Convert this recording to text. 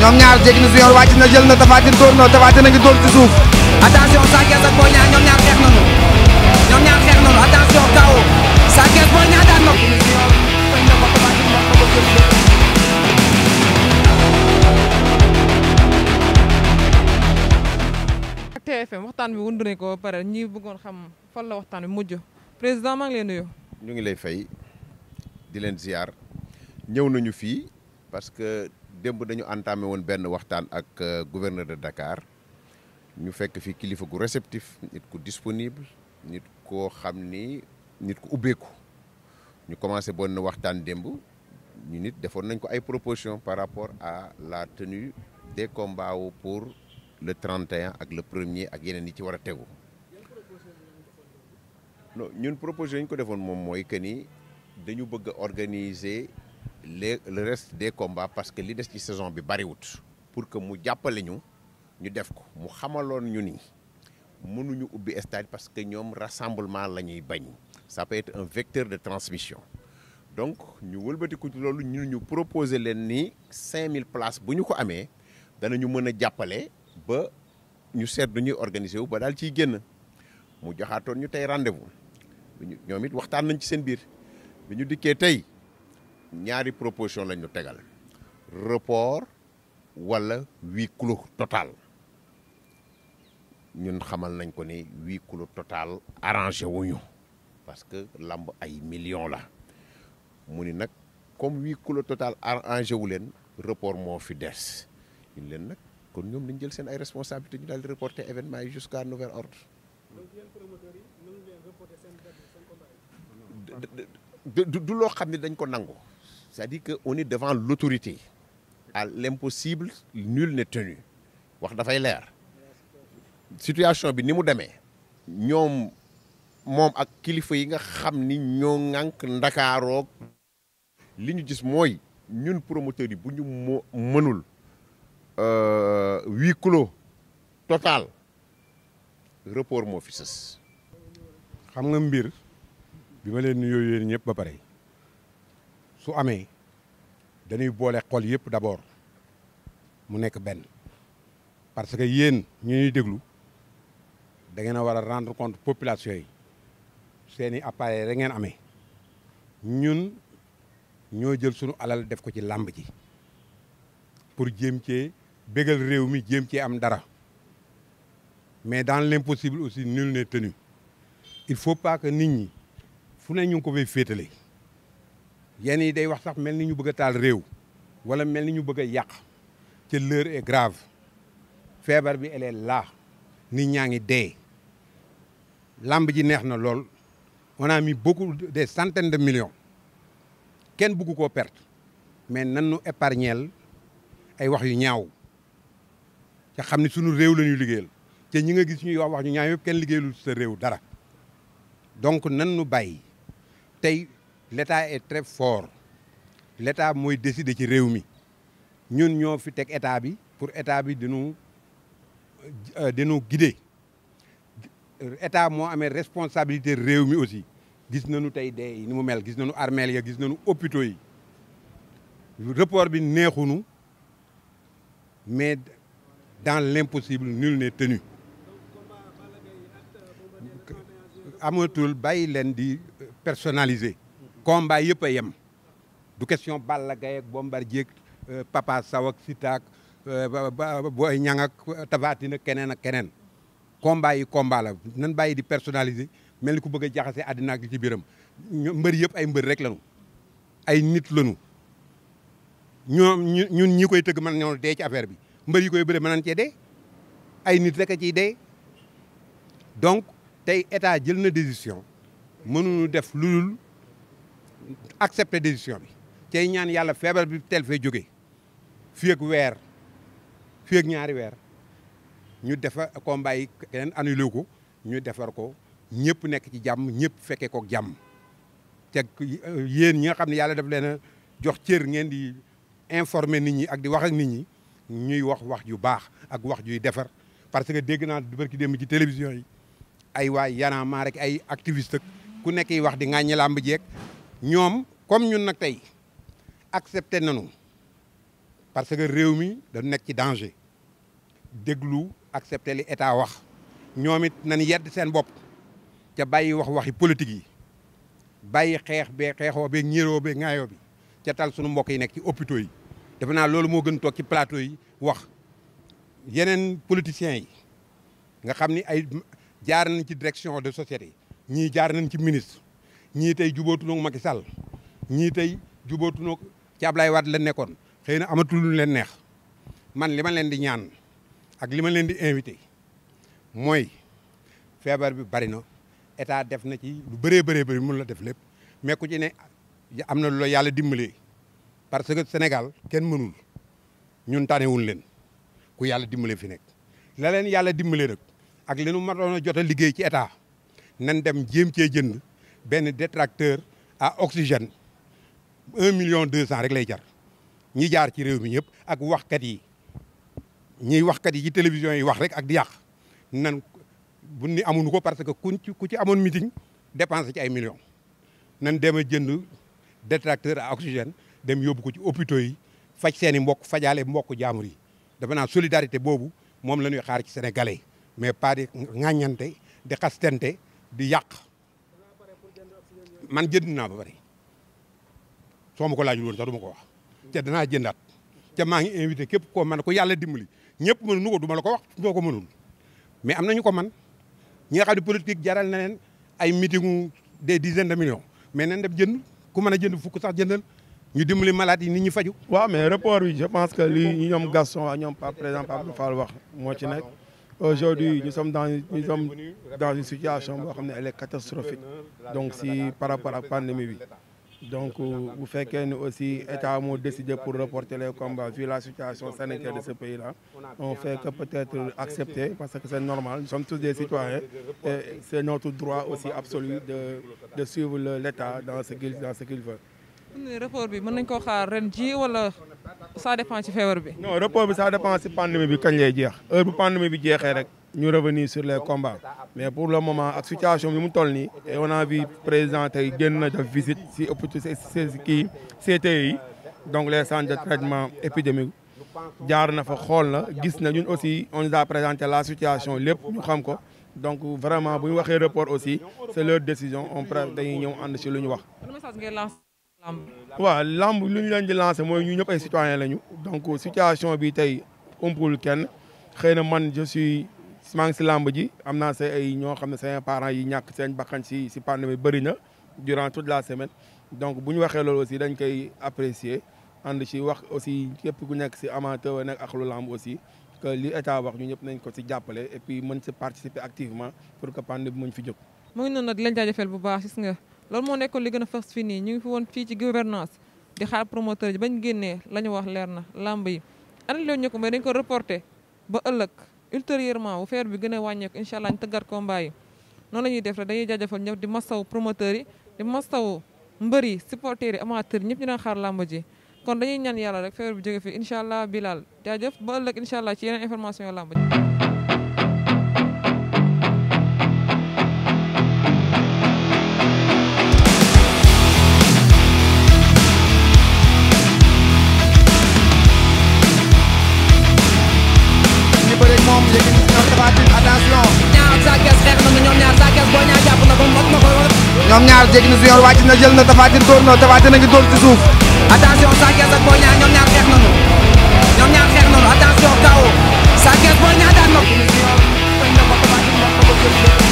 ñoom ñaar jéggi na su yor wàcc na jël na Tapha na ngi dóor ci suuf attention ak Boy ñaar xeex nañu ñoom ñaar xeex nañu attention kaw Sa Thiès Boy daan na ak TFM waxtaan bi wund nañ ko pare ñi bëggoon xam fan la waxtaan mujj président maa ngi lay nuyu ñu ngi lay fay di leen fii parce que démb dañu entamé woon benn waxtaan ak euh, gouverneur de Dakar ñu fekk fi kilifa gu réceptif nit ku disponible nit koo xam ni nit ku ubbeeku ñu commencé na waxtaan démb ñu nit defoon nañ ko ay proposition par rapport à la tenu des combats wu pour le trente 31 ak le premier ak yeneen yi ci war a tegu non ñun proposition ñu ko defoon moom mooy que ni dañu bëgg a organiser les le reste des combats parce que li des ci saison bi bariwut pour que mu jàppale ñu ñu def ko mu xamaloon ñu ni mënuñu ubbi stade parce que ñoom rassemblement la ñuy bañ ça peut être un vecteur de transmission donc ñu wëlbatiku loolu ñu ñu proposer leen ni 5000 places bu ñu ko amee danañu mën a jàppale ba ñu seet du ñuy organiser wu ba daal ciy génn mu joxaatoon ñu tey rendez-vous ñoom it waxtaan nañ ci seen biir bi ñu dikkee tey. ñaari proposition lañ ñu tegal report wala huis clos total ñun xamal nañ ko ni huis clos total arrangé wuñu parce que lamb ay millions la mu ni nag comme wii clos total arrangé wu leen report moo fi des ñu leen nag kon ñoom dañ jël seen ay responsabilité ñu daal di reporter événement yi jusqu'à nouvel ordre du loo xam ne dañ ko nangu c'est-à-dire qu'on est devant l'autorité à l'impossible nul n'est tenu wax dafay leer situation bi ni mu demee ñoom moom ak kilifa yi nga xam ni ñoo ŋànk ndakaaroog li ñu gis mooy ñun promoteurs yi bu ñu moo mënul euh, huis clos total report moo fi sës xam nga mbir bi ma leen nuyoo yéen ñëpp ba pare su amee dañuy boole xol yëpp d'abord mu nekk benn parce que yéen ñu ñuy déglu da ngeen a war a rendre compte population yi seen i appareil rek ngeen amee ñun ñoo jël sunu alal def ko ci làmb ji pour jéem cee bégal réew mi jéem cee am dara mais daan dans l'impossible aussi nul n'est tenu il faut pas que nit ñi fu ne ñu ko fay féetale yenn yi day wax sax mel ni ñu bëgg a taal réew wala mel ni ñu bëgg yàq te l'heure est grave feebar bi elle est là nit ñaa ngi dee làmb ji neex na lool on a mis de des de millions kenn bëgg koo perte mais nan nu épargnel ay wax yu ñaaw ca xam ne sunu réew la ñuy liggéeyal te ñi nga gis ñuy wax wax ñu ñaaw yëpp kenn liggéeyalul sa réew dara donc nan nu bàyyi tey l'État est très fort l'État mooy décider ci réew mi ñun ñoo fi teg état bi pour état bi dinu euh, dinu gidé état moo amee responsabilité réew mi aussi gis nañu tey dee yi ni mu mel gis nañu armeel ya gis nañu hôpitaux yi report bi neexunu mais dans l'impossible nul n'est tenu amatul bàyyi leen di personnaliser combat yëpp a yem du question Balla Gaye ak Bombardier ak euh, Papa Sow ak Siteu ak euh, Boy Niang ak euh, Tapha Tine keneen ak keneen combat yi combat la nan bàyyi di personnaliser mel ni ku bëgg jaxase àddina ak ci biiram mbër yëpp ay mbër rek lanu ay nit lanu ñoom ñun ñi koy tëgg mën ñoo dee ci affaire bi mbër yi koy bëre mën nañ cee dee ay nit rek a ciy dee donc tey état jël na décision mënuñu def lu accepté décision bi tey ñaan yàlla feebar bi tel fee jógee fii weer fii ñaari weer ñu defar combat yi keneen ko ñu defar ko ñëpp nekk ci jàmm ñëpp fekkee ko jàmm te yéen ñi nga xam ne yàlla def leen a jox cër ngeen di informer nit ñi ak di wax ak nit ñi ñuy wax wax ju baax ak wax juy defar parce que dégg naa barki démb ci télévision yi ay waay yanaamaa rek ay activiste ku nekk yi wax di ŋàññi làmb jeeg ñoom comme ñun nag tey accepté nañu parce que réew mi dañu nekk ci danger déglu accepté li état wax ñoom it nañ yedd seen bopp ca bàyyi wax waxi politique yi bàyyi xeex bee xeexoo bee ñeeroo bee ŋaayoo bi ca tal sunu mbokk yi nekk ci hôpitaux yi defe naa loolu moo gën toog ci plateau yi wax yeneen politiciens yi nga xam ni ay jaar nañ ci direction de société ñii jaar nañ ci ministre ñii tey jubootunoog Macky Sall ñii tey jubootunoog ci Ablaye Wade la nekkoon xëy na amatul lu leen neex man li ma leen di ñaan ak li ma leen di invité mooy feebar bi bari na état def na ci lu bëree bëree bëri mun la def lépp mais ku ci ne am na lu la yàlla dimbalee parce que Sénégal kenn mënul ñun tanewul leen ku yàlla dimbale fi nekk la leen yàlla dimbale rek ak li nu matoon jot a liggéey ci état nan dem jéem cee jënd benn détracteur à oxygène un million deux cent rek lay jar ñi jaar ci réew mi ñëpp ak waxkat yi ñiy waxkat yi ci télévision yi wax rek ak di yàq nan bu ni amuñu ko parce que kuñ ku ci amoon meeting dépensé ci ay millions nan dem a jënd détracteur à oxygène dem yóbbu ko ci hôpitaux yi faj seen i mbokk fajaale mbokk jaamur yi dafa naa solidarité boobu moom la ñuy xaar ci sénégalais mais pas di ŋàññante di xastante di yàq man jënd naa ba pare soo ko laajul woon sax du ko wax te danaa jëndaat te maa ngi invité képp koo mën ko yàlla dimbali ñëpp mënuñu ko du ma la ko wax ko mënul mais am nañu ko man ñi nga xam ne politique jaral na leen ay meeting de dizaines de millions mais nañ dem jënd ku mën a jënd fukk sax jëndal ñu dimbali malade yi nit ñi faju waaw mais rapport bi je pense que lii ñoom Gaston ak ñoom par président Pape Fall wax moo aujourd'hui nous sommes dans nous une situation boo xam ne elle est catastrophique euh, donc si par rapport ak pandémie bi donc euh, bu fekkee ne aussi état moo décidé pour reporter les combats vu la situation sanitaire de ce pays là on fait peut-être accepter parce que c'est normal nous sommes tous des citoyens et c'est notre droit aussi absolu de de suivre l'état dans ce qu'il veut report bi mën nañ ko xaar ren ji wala ça dépend ci feebar bi. non report bi ça dépend ci pandémie bi kañ lay jeex heure bu pandémie bi jeexee rek ñu revenir sur les combats mais pour le moment ak situation bi mu toll nii et on a vu génn na def visit si ëpp ci kii CTE yi donc les centres de traitement épidémique jaar na fa xool na gis na ñun aussi on nous a la situation lépp ñu xam ko donc vraiment bu waxee report aussi c'est leur décision on prend dañuy ñëw ànd ci lu ñu wax. waaw lamb lu ñu leen di lancé mooy ñu ñëpp ay citoyen lañu donc situation bi tey umpul kenn xëy na man je suis maa ngi si lamb ji am naa say ay ñoo xam ne seen parent yi ñàkk seen bakkan si si pandémie bëri na durant toute la semaine donc bu ñu waxee loolu aussi dañ koy apprécier ànd ci wax aussi képp ku nekk si amateur wa nekk ak lu lamb aussi que li état wax ñu ñëpp nañ ko si jàppale et puis man si participer activement pour que pandémie bi muñ fi jóg. loolu moo nekkoon li gën a fas fii nii ñu ngi fi woon fii ci gouvernance di xaar promoteur ji bañ génnee la ñu wax leer na làmb yi annulé ñu ko mais dañ ko reporté ba ëllëg ultérieurement bu feer bi gën a wàññeeku incha allah ñu tëggat combat noonu la ñuy def rek dañuy jaajëfal ñëpp di mastaw promoteurs yi di mastaw mbër yi supporters yi amateurs ñëpp ñu doon xaar làmb ji kon dañuy ñaan yàlla rek feer bi jóge fi incha allah bilal jaajëf ba ëllëg incha allah ci yeneen information yo làmb attention. ñaar sàkkees xeex na ñoom ñaar sàkkees boo ñaar jàpp na ko mot na ko yor. ñoom ñaar jéggi na su yor na jël na tafaatin dóor na tafaatin a ngi dóor ci suuf. attention sàkkees ak boo ñaar ñoom xeex na ko.